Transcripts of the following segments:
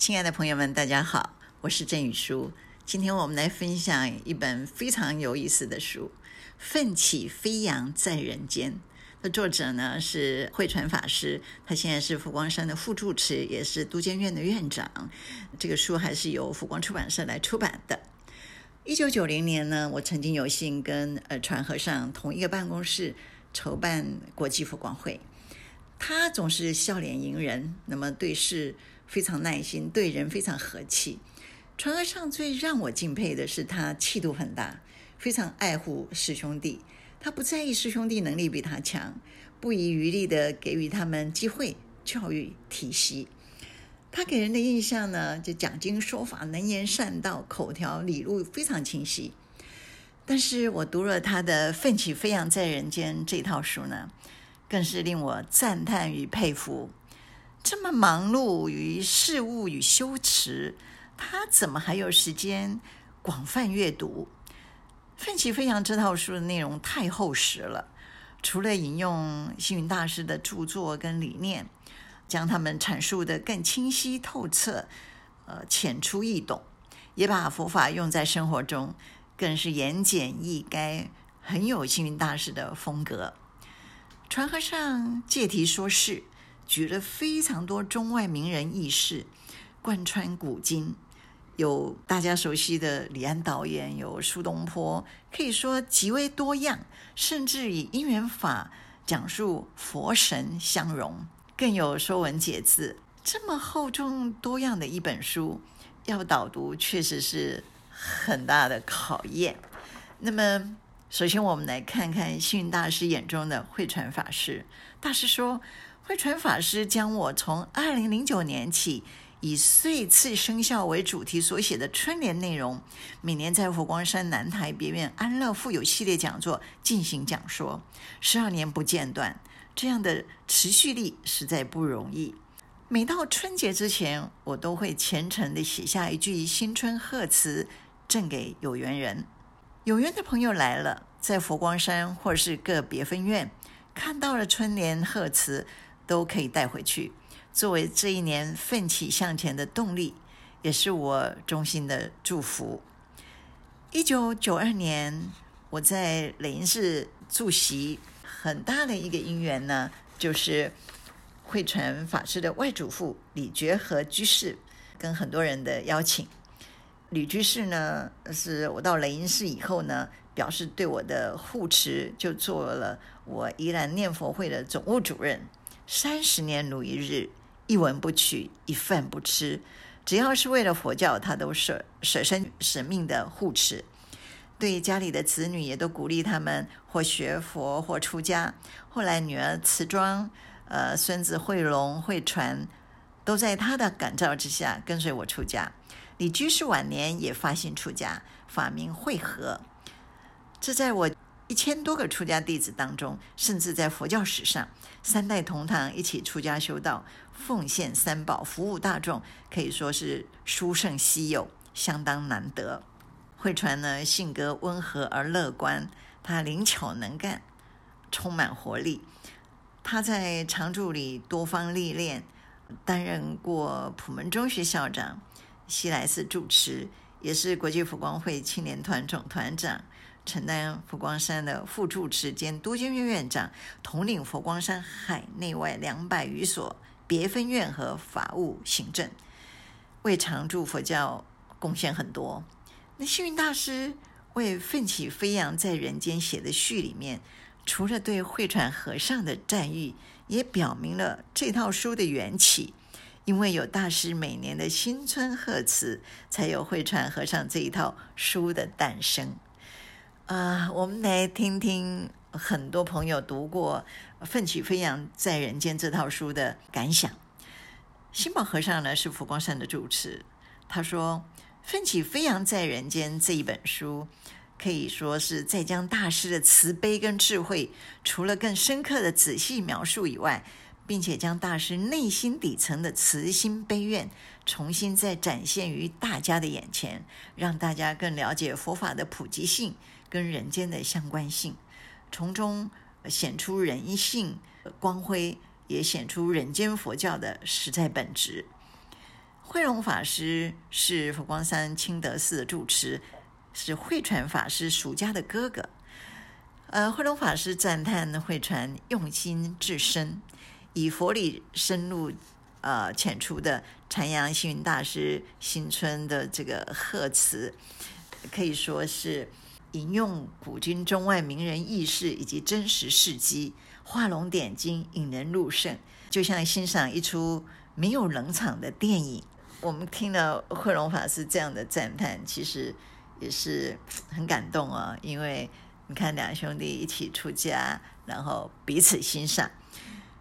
親愛的朋友們，大家好，我是鄭羽書。今天我們來分享一本非常有意思的書《奮起飛揚在人間》。那作者呢是慧傳法師，他現在是佛光山的副住持，也是都監院的院長。這個書還是由佛光出版社來出版的。一九九零年呢，我曾經有幸跟呃傳和尚同一個辦公室籌辦國際佛光會，他總是笑臉迎人，那麼對視。非常耐心，對人非常和氣。傳和尚最讓我敬佩的是他氣度很大，非常愛護師兄弟，他不在意師兄弟能力比他強，不遺餘力地給予他們機會、教育、提攜，他給人的印象呢，就講經說法，能言善道，口條理路非常清晰。但是我讀了他的《奮起飛揚在人間》這套書呢，更是令我讚嘆與佩服。這麼忙碌於事務與修持，他怎麼還有時間廣泛閱讀？奮起飛揚這套書的內容太厚實了，除了引用星雲大師的著作跟理念，將他們闡述得更清晰透徹，呃，淺出易懂，也把佛法用在生活中，更是言簡意賅，很有星雲大師的風格。傳和尚借題說事。舉了非常多中外名人軼事，貫穿古今，有大家熟悉的李安導演，有蘇東坡，可以說極為多樣。甚至以因緣法講述佛神相容，更有《說文解字》，這麼厚重多樣的一本書，要導讀確實是很大的考驗。那麼，首先我們來看看星雲大師眼中的慧傳法師。大師說。慧傳法師將我從二零零九年起以歲次生肖為主題所寫的春聯內容，每年在佛光山南台別院安樂富有系列講座進行講說，十二年不間斷，這樣的持續力實在不容易。每到春節之前，我都會虔誠地寫下一句新春賀詞，贈給有緣人。有緣的朋友來了，在佛光山或是個別分院看到了春聯賀詞。都可以帶回去，作為這一年奮起向前的動力，也是我衷心的祝福。一九九二年，我在雷音寺駐錫，很大的一個因緣呢，就是慧傳法師的外祖父李覺和居士跟很多人的邀請。李居士呢，是我到雷音寺以後呢，表示對我的護持，就做了我宜蘭念佛會的總務主任。三十年如一日，一文不取，一飯不吃，只要是為了佛教，他都是舍身舍,舍命的護持。對家裡的子女，也都鼓勵他們或學佛，或出家。後來女兒慈莊，呃，孫子慧龍、慧傳，都在他的感召之下，跟隨我出家。李居士晚年也發心出家，法名慧和。這在我。一千多個出家弟子當中，甚至在佛教史上，三代同堂一起出家修道、奉獻三寶、服務大眾，可以說是殊勝稀有，相當難得。慧傳呢，性格溫和而樂觀，他靈巧能幹，充滿活力。他在常住裡多方歷練，擔任過普門中學校長、西來寺住持，也是國際佛光會青年團總團長。承擔佛光山的副住持兼都監院院長，統領佛光山海內外兩百餘所別分院和法務行政，為常住佛教貢獻很多。那星雲大師為《奮起飛揚在人間》寫的序裡面，除了對慧傳和尚的讚譽，也表明了這套書的緣起，因為有大師每年的新春賀詞，才有慧傳和尚這一套書的誕生。啊、uh，我們來聽聽很多朋友讀過《奮起飛揚在人間》這套書的感想。心保和尚呢是佛光山的住持，他說，《奮起飛揚在人間》這一本書可以說是在將大師的慈悲跟智慧，除了更深刻的仔細描述以外，並且將大師內心底層的慈心悲願重新再展現於大家的眼前，讓大家更了解佛法的普及性。跟人間的相關性，從中顯出人性光輝，也顯出人間佛教的實在本質。慧榮法師是佛光山清德寺住持，是慧傳法師俗家的哥哥。呃，慧榮法師讚歎慧傳用心至深，以佛理深入，呃淺出的闡揚星雲大師新春的這個賀詞，可以說是。引用古今中外名人軼事以及真實事跡，畫龍點睛，引人入勝，就像欣賞一出沒有冷場的電影。我們聽了慧龍法師這樣的讚歎，其實也是很感動啊、哦，因為你看兩兄弟一起出家，然後彼此欣賞。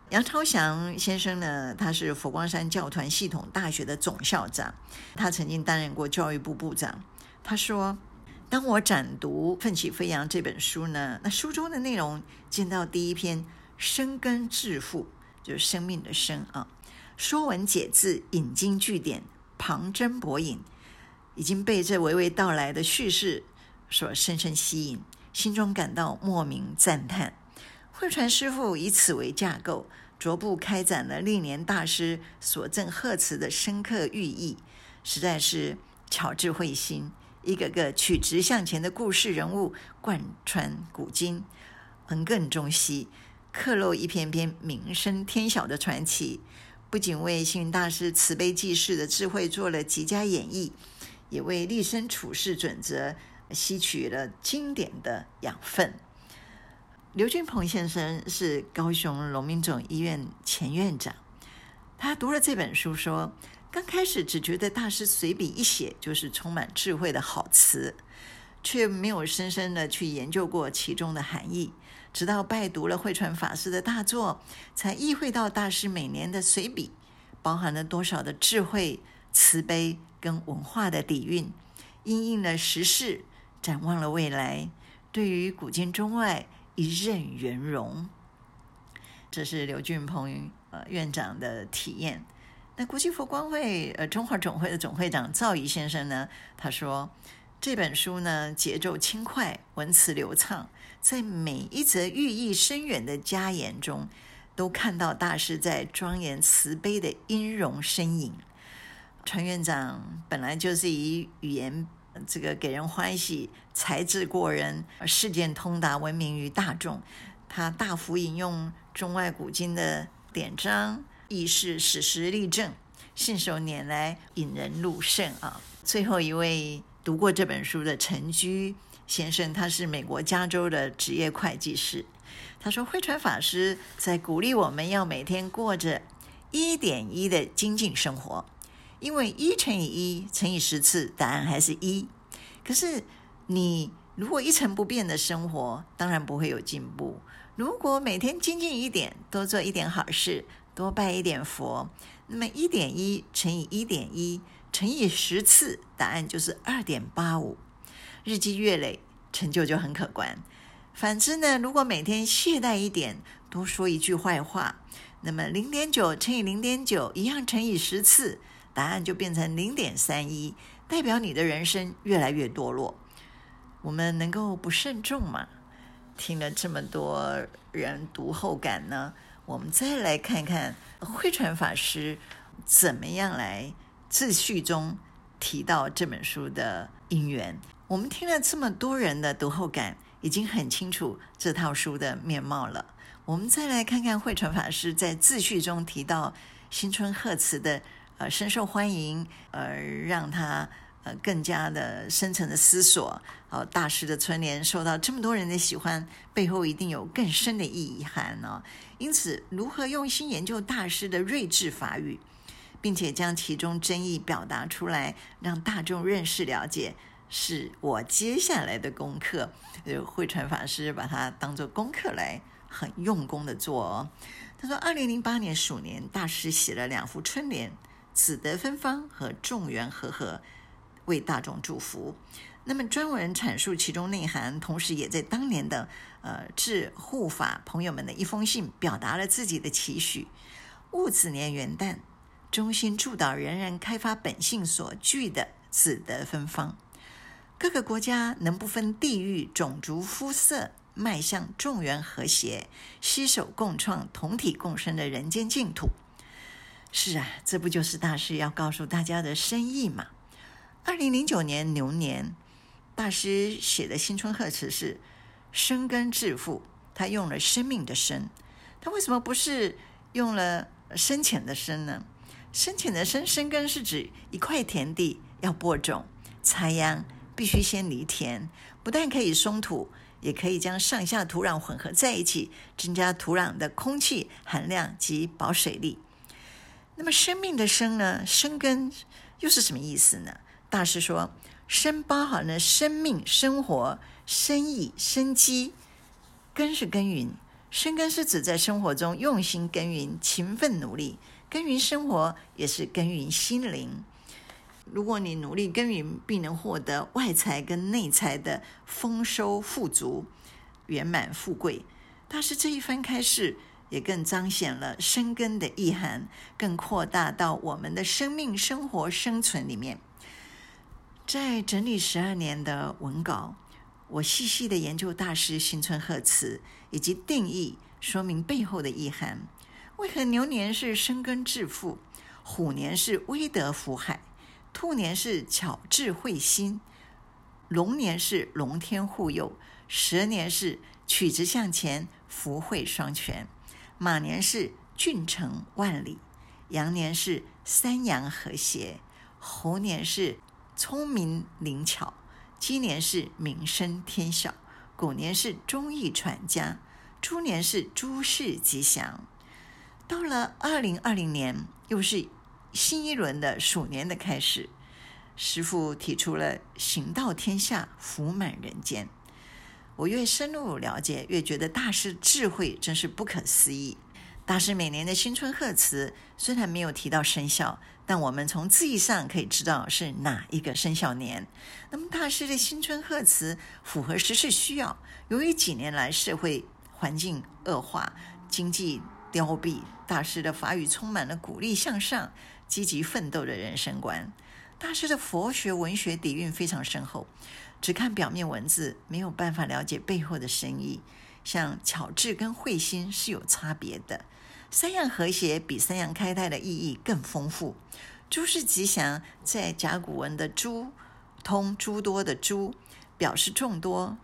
楊朝祥先生呢，他是佛光山教團系統大學的總校長，他曾經擔任過教育部部長，他說。當我展讀《奮起飛揚》這本書呢，那書中的內容，見到第一篇“生根致富”，就是生命的“生”啊，《說文解字》引經據典，旁徵博引，已經被這娓娓道來的敘事所深深吸引，心中感到莫名讚嘆。慧傳師父以此為架構，逐步開展了歷年大師所贈賀詞的深刻寓意，實在是巧智慧心。一個個曲直向前的故事人物，貫穿古今，橫亙中西，刻錄一篇篇名聲天曉的傳奇，不僅為星雲大師慈悲濟世的智慧做了極佳演繹，也為立身處世準則吸取了經典的養分。劉俊鵬先生是高雄榮民總醫院前院長，他讀了這本書說。剛開始只覺得大師隨筆一寫就是充滿智慧的好詞，卻沒有深深的去研究過其中的含義。直到拜讀了慧傳法師的大作，才意會到大師每年的隨筆包含了多少的智慧、慈悲跟文化的底蘊，因應了時事，展望了未來，對於古今中外一任圓融。這是劉俊鵬呃院長的體驗。那國際佛光會呃中華總會的總會長趙怡先生呢，他說，這本書呢節奏輕快，文辭流暢，在每一則寓意深遠的佳言中，都看到大師在莊嚴慈悲的音容身影。陳院長本來就是以語言這個給人歡喜，才智過人，事件通達，聞名於大眾。他大幅引用中外古今的典章，亦是史實例證，信手拈來，引人入勝啊！最後一位讀過這本書的陳居先生，他是美國加州的職業會計師，他說：“慧傳法師在鼓勵我們要每天過着一點一的精進生活，因為一乘以一乘以十次，答案還是一。可是你如果一成不變的生活，當然不會有進步。如果每天精進一點，多做一點好事。”多拜一點佛，那麼一點一乘以一點一乘以十次，答案就是二點八五。日積月累，成就就很可觀。反之呢，如果每天懈怠一點，多說一句壞話，那麼零點九乘以零點九一樣乘以十次，答案就變成零點三一，代表你的人生越來越墮落。我們能夠不慎重嗎？聽了這麼多人讀後感呢？我們再來看看慧傳法師怎麼樣來自序中提到這本書的因緣。我們聽了這麼多人的讀後感，已經很清楚這套書的面貌了。我們再來看看慧傳法師在自序中提到新春賀詞的呃，深受歡迎，而讓他。呃，更加的深層的思索。哦，大師的春聯受到這麼多人的喜歡，背後一定有更深的意涵呢，哦。因此，如何用心研究大師的睿智法語，並且將其中真意表達出來，讓大眾認識了解，是我接下來的功課。呃，慧傳法師把它當做功課來，很用功的做哦。他說，二零零八年鼠年，大師寫了兩幅春聯：“紫得芬芳”和“眾緣和合，合”。為大眾祝福，那麼專文闡述其中內涵，同時也在當年的呃，致護法朋友們的一封信表達了自己的期許。戊子年元旦，衷心祝禱人人開發本性所具的自得芬芳，各個國家能不分地域、種族、膚色，邁向眾緣和諧，攜手共創同體共生的人間淨土。是啊，這不就是大師要告訴大家的深意嗎？二零零九年牛年，大師寫的新春賀詞是“生根致富”。他用了“生命的生”，他為什麼不是用了“深淺的深”呢？“深淺的深”“深根”是指一塊田地要播種、插秧，必須先犁田，不但可以鬆土，也可以將上下土壤混合在一起，增加土壤的空氣含量及保水力。那麼“生命的生”呢？“生根”又是什麼意思呢？大師說：“生包含了生命、生活、生意、生機。耕是耕耘，生根是指在生活中用心耕耘、勤奮努力。耕耘生活也是耕耘心靈。如果你努力耕耘，必能獲得外財跟內財的豐收富足、圓滿富貴。大師這一番開示，也更彰顯了生根的意涵，更擴大到我們的生命、生活、生存裡面。”在整理十二年的文稿，我細細的研究大師新春賀詞以及定義說明背後的意涵。為何牛年是生根致富，虎年是威德福海，兔年是巧智慧心，龍年是龍天護佑，蛇年是曲直向前，福慧雙全，馬年是駿程萬里，羊年是三陽和諧，猴年是，聰明靈巧，雞年是名聲天曉，狗年是忠義傳家，豬年是諸事吉祥。到了二零二零年，又是新一輪的鼠年的開始。師父提出了“行道天下，福滿人間”。我越深入了解，越覺得大師智慧真是不可思議。大師每年的新春賀詞雖然沒有提到生肖，但我們從字義上可以知道是哪一個生肖年。那麼大師的新春賀詞符合時事需要。由於幾年來社會環境惡化，經濟凋敝，大師的法語充滿了鼓勵向上、積極奮鬥的人生觀。大師的佛學文學底蘊非常深厚，只看表面文字沒有辦法了解背後的深意。像巧智跟慧心是有差別的。三羊和諧比三陽開泰的意義更豐富。諸事吉祥，在甲骨文的“諸”通“諸多”的“諸”，表示眾多，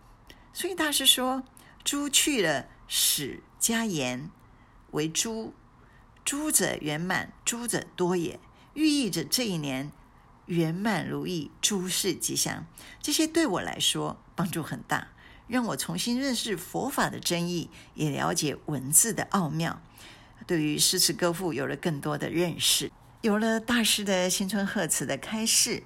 所以大師說：“豬去了豕，加言為‘諸’，‘諸’者圓滿，‘諸’者多也，寓意着這一年圓滿如意，諸事吉祥。”這些對我來說幫助很大，讓我重新認識佛法的真意，也了解文字的奧妙。對於詩詞歌賦有了更多的認識，有了大師的新春賀詞的開示，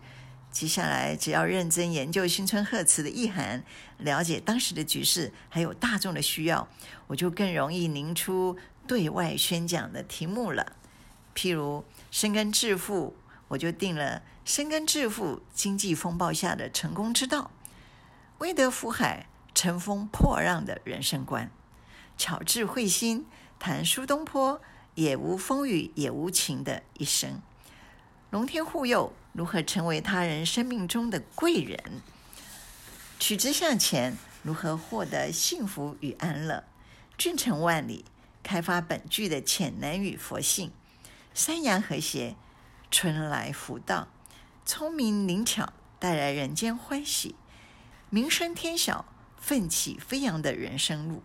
接下來只要認真研究新春賀詞的意涵，了解當時的局勢，還有大眾的需要，我就更容易擬出對外宣講的題目了。譬如“生耕致富”，我就定了“生耕致富：經濟風暴下的成功之道”。威德福海乘風破浪的人生觀，巧智慧心。談蘇東坡，也無風雨也無晴的一生；龍天護佑，如何成為他人生命中的貴人？取之向前，如何獲得幸福與安樂？駿程萬里，開發本具的潛能與佛性；三陽和諧，春來福到；聰明靈巧，帶來人間歡喜；名聲天曉，奮起飛揚的人生路；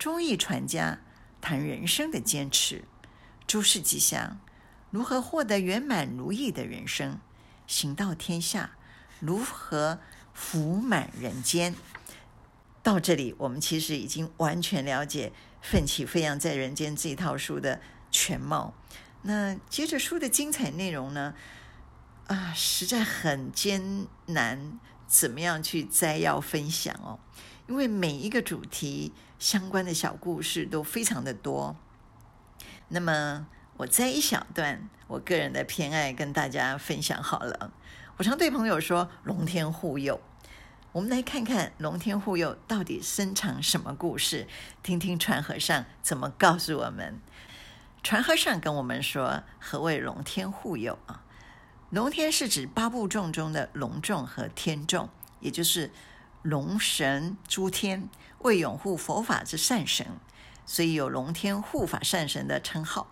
忠義傳家。談人生的堅持，諸事吉祥，如何獲得圓滿如意的人生？行道天下，如何福滿人間？到這裡，我們其實已經完全了解《奮起飛揚在人間》這一套書的全貌。那接着書的精彩內容呢？啊，實在很艱難，怎麼樣去摘要分享哦？因為每一個主題。相關的小故事都非常的多，那麼我摘一小段我個人的偏愛跟大家分享好了。我常對朋友說“龍天護佑”，我們來看看“龍天護佑”到底深藏什麼故事，聽聽傳和尚怎麼告訴我們。傳和尚跟我們說：“何謂龍天護佑啊？龍天是指八部眾中的龍眾和天眾，也就是。”龍神諸天為擁護佛法之善神，所以有龍天護法善神的稱號。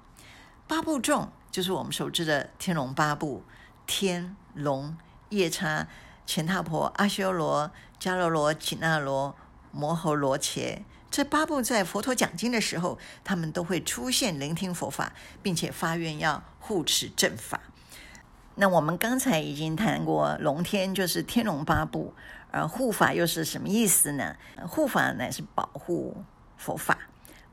八部眾就是我們熟知的天龍八部：天龍、夜叉、乾闥婆、阿修羅、迦樓羅、緊那羅、摩睺羅伽。這八部在佛陀講經的時候，他們都會出現，聆聽佛法，並且發願要護持正法。那我們剛才已經談過，龍天就是天龍八部。而護法又是什麼意思呢？護法乃是保護佛法、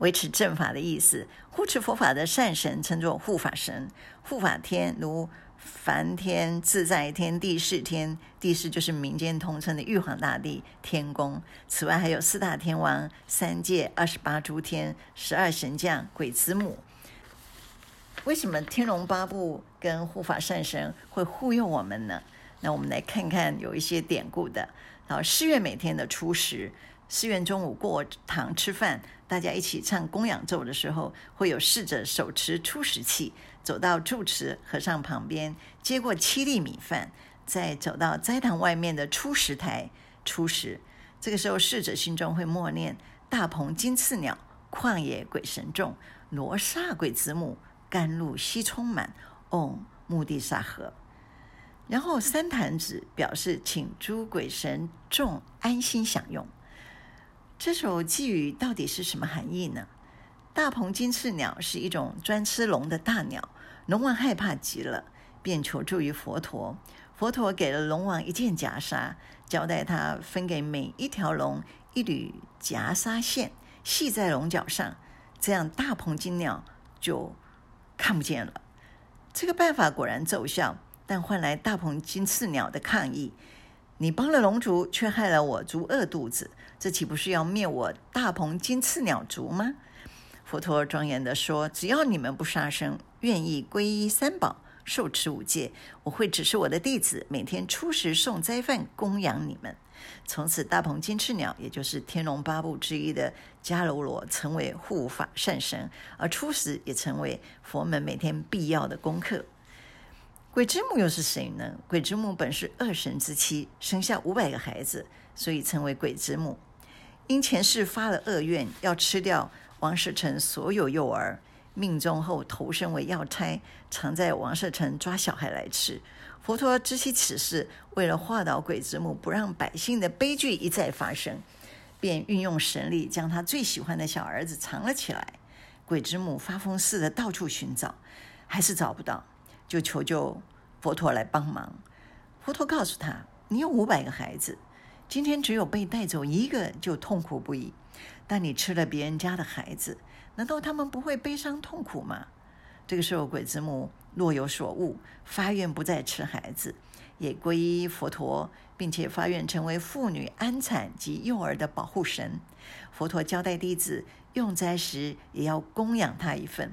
維持正法的意思。護持佛法的善神稱作護法神、護法天，如梵天、自在天、帝釋天。帝釋就是民間通稱的玉皇大帝、天公。此外，還有四大天王、三界、二十八諸天、十二神將、鬼子母。為什麼天龍八部跟護法善神會護佑我們呢？那我們來看看有一些典故的。好，後寺院每天的初食，寺院中午過堂吃飯，大家一起唱供養咒的時候，會有侍者手持初食器走到住持和尚旁邊，接過七粒米飯，再走到齋堂外面的初食台初食。這個時候，侍者心中會默念：大鵬金翅鳥，曠野鬼神眾，羅剎鬼子母，甘露悉充滿，唵，摩地薩河。然後三彈指表示，請諸鬼神眾安心享用。這首偈語到底是什麼含義呢？大鵬金翅鳥是一種專吃龍的大鳥，龍王害怕極了，便求助於佛陀。佛陀給了龍王一件袈裟，交代他分給每一條龍一縷袈裟線，繫在龍角上，這樣大鵬金鳥就看不見了。這個辦法果然奏效。但換來大鵬金翅鳥的抗議：“你幫了龍族，卻害了我族餓肚子，這豈不是要滅我大鵬金翅鳥族嗎？”佛陀莊嚴地說：“只要你們不殺生，願意皈依三寶，受持五戒，我會指示我的弟子每天出食送齋飯供養你們。從此，大鵬金翅鳥，也就是天龍八部之一的迦樓羅，成為護法善神，而出食也成為佛門每天必要的功課。”鬼之母又是誰呢？鬼之母本是二神之妻，生下五百個孩子，所以稱為鬼之母。因前世發了惡願，要吃掉王舍城所有幼兒，命終後投身為藥叉，常在王舍城抓小孩來吃。佛陀知悉此事，為了化導鬼之母，不讓百姓的悲劇一再發生，便運用神力將他最喜歡的小兒子藏了起來。鬼之母發瘋似的到處尋找，還是找不到。就求救佛陀來幫忙。佛陀告訴他：“你有五百個孩子，今天只有被帶走一個就痛苦不已。但你吃了別人家的孩子，難道他們不會悲傷痛苦嗎？”這個時候，鬼子母若有所悟，發願不再吃孩子，也皈依佛陀，並且發願成為婦女安產及幼兒的保護神。佛陀交代弟子用齋時也要供養他一份。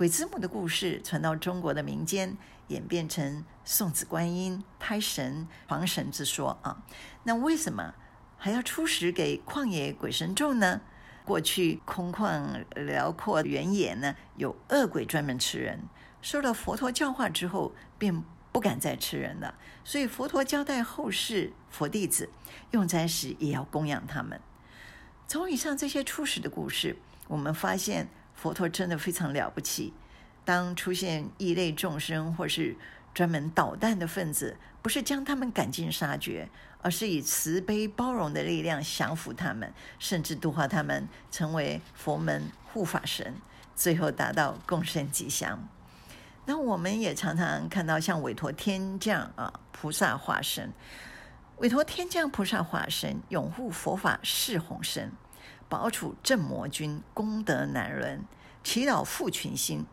鬼子母的故事傳到中國的民間，演變成送子觀音、胎神、皇神之說啊。那為什麼還要出食給曠野鬼神眾呢？過去空曠遼闊原野呢，有惡鬼專門吃人。受了佛陀教化之後，便不敢再吃人了。所以佛陀交代後世佛弟子，用齋時也要供養他們。從以上這些出食的故事，我們發現。佛陀真的非常了不起。當出現異類眾生或是專門搗蛋的分子，不是將他們趕盡殺絕，而是以慈悲包容的力量降服他們，甚至度化他們成為佛門護法神，最後達到共生吉祥。那我們也常常看到像韋陀天將啊、菩薩化身、韋陀天將菩薩化身，擁護佛法，誓弘深，保處鎮魔君，功德難倫，祈禱富群心。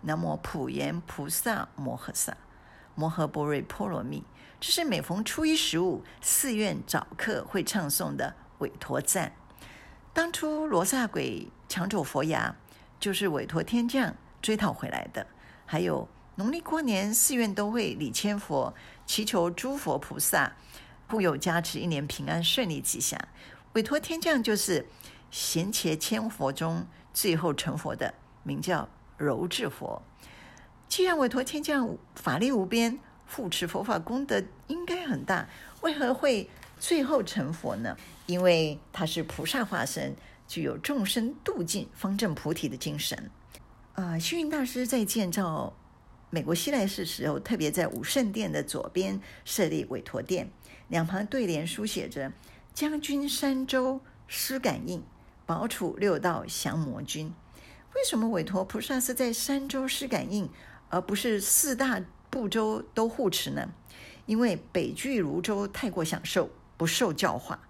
南無普賢菩薩摩訶薩，摩訶般若波羅蜜。這是每逢初一十五，寺院早課會唱誦的韋馱讚。當初羅剎鬼搶走佛牙，就是韋馱天將追討回來的。還有農曆過年，寺院都會禮千佛，祈求諸佛菩薩護佑加持，一年平安順利吉祥。韋馱天將就是賢劫千佛中最後成佛的名叫柔智佛。既然韋陀天將法力無邊，護持佛法功德應該很大，為何會最後成佛呢？因為他是菩薩化身，具有眾生度盡、方證菩提的精神。啊、呃，星雲大師在建造美國西來寺時候，特別在五聖殿的左邊設立韋陀殿，兩旁對聯書寫着“將軍三洲施感應”。寶杵六道降魔君，為什麼韋陀菩薩是在三洲施感應，而不是四大部洲都護持呢？因為北俱盧洲太過享受，不受教化，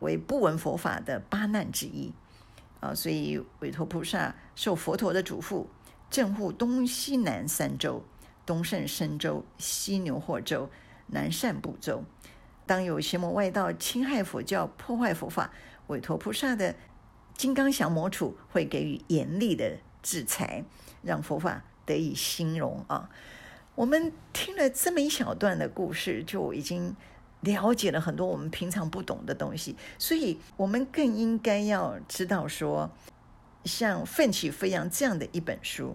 為不聞佛法的八難之一。啊，所以韋陀菩薩受佛陀的囑咐，鎮護東西南三洲：東勝身洲、西牛賀洲、南贍部洲。當有邪魔外道侵害佛教，破壞佛法，韋陀菩薩的，金剛降魔杵會給予嚴厲的制裁，讓佛法得以興榮啊！我們聽了這麼一小段的故事，就已經了解了很多我們平常不懂的東西，所以我們更應該要知道說，像《奮起飛揚》這樣的一本書，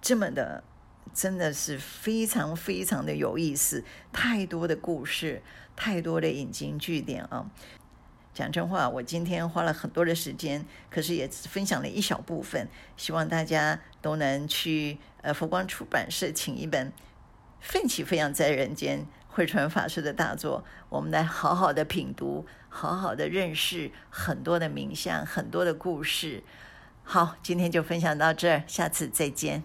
這麼的真的是非常非常的有意思，太多的故事，太多的引經據典啊！講真話，我今天花了很多的時間，可是也只分享了一小部分。希望大家都能去呃佛光出版社請一本《奮起飛揚在人間》慧傳法師的大作，我們來好好的品讀，好好的認識很多的名相，很多的故事。好，今天就分享到這兒，下次再見。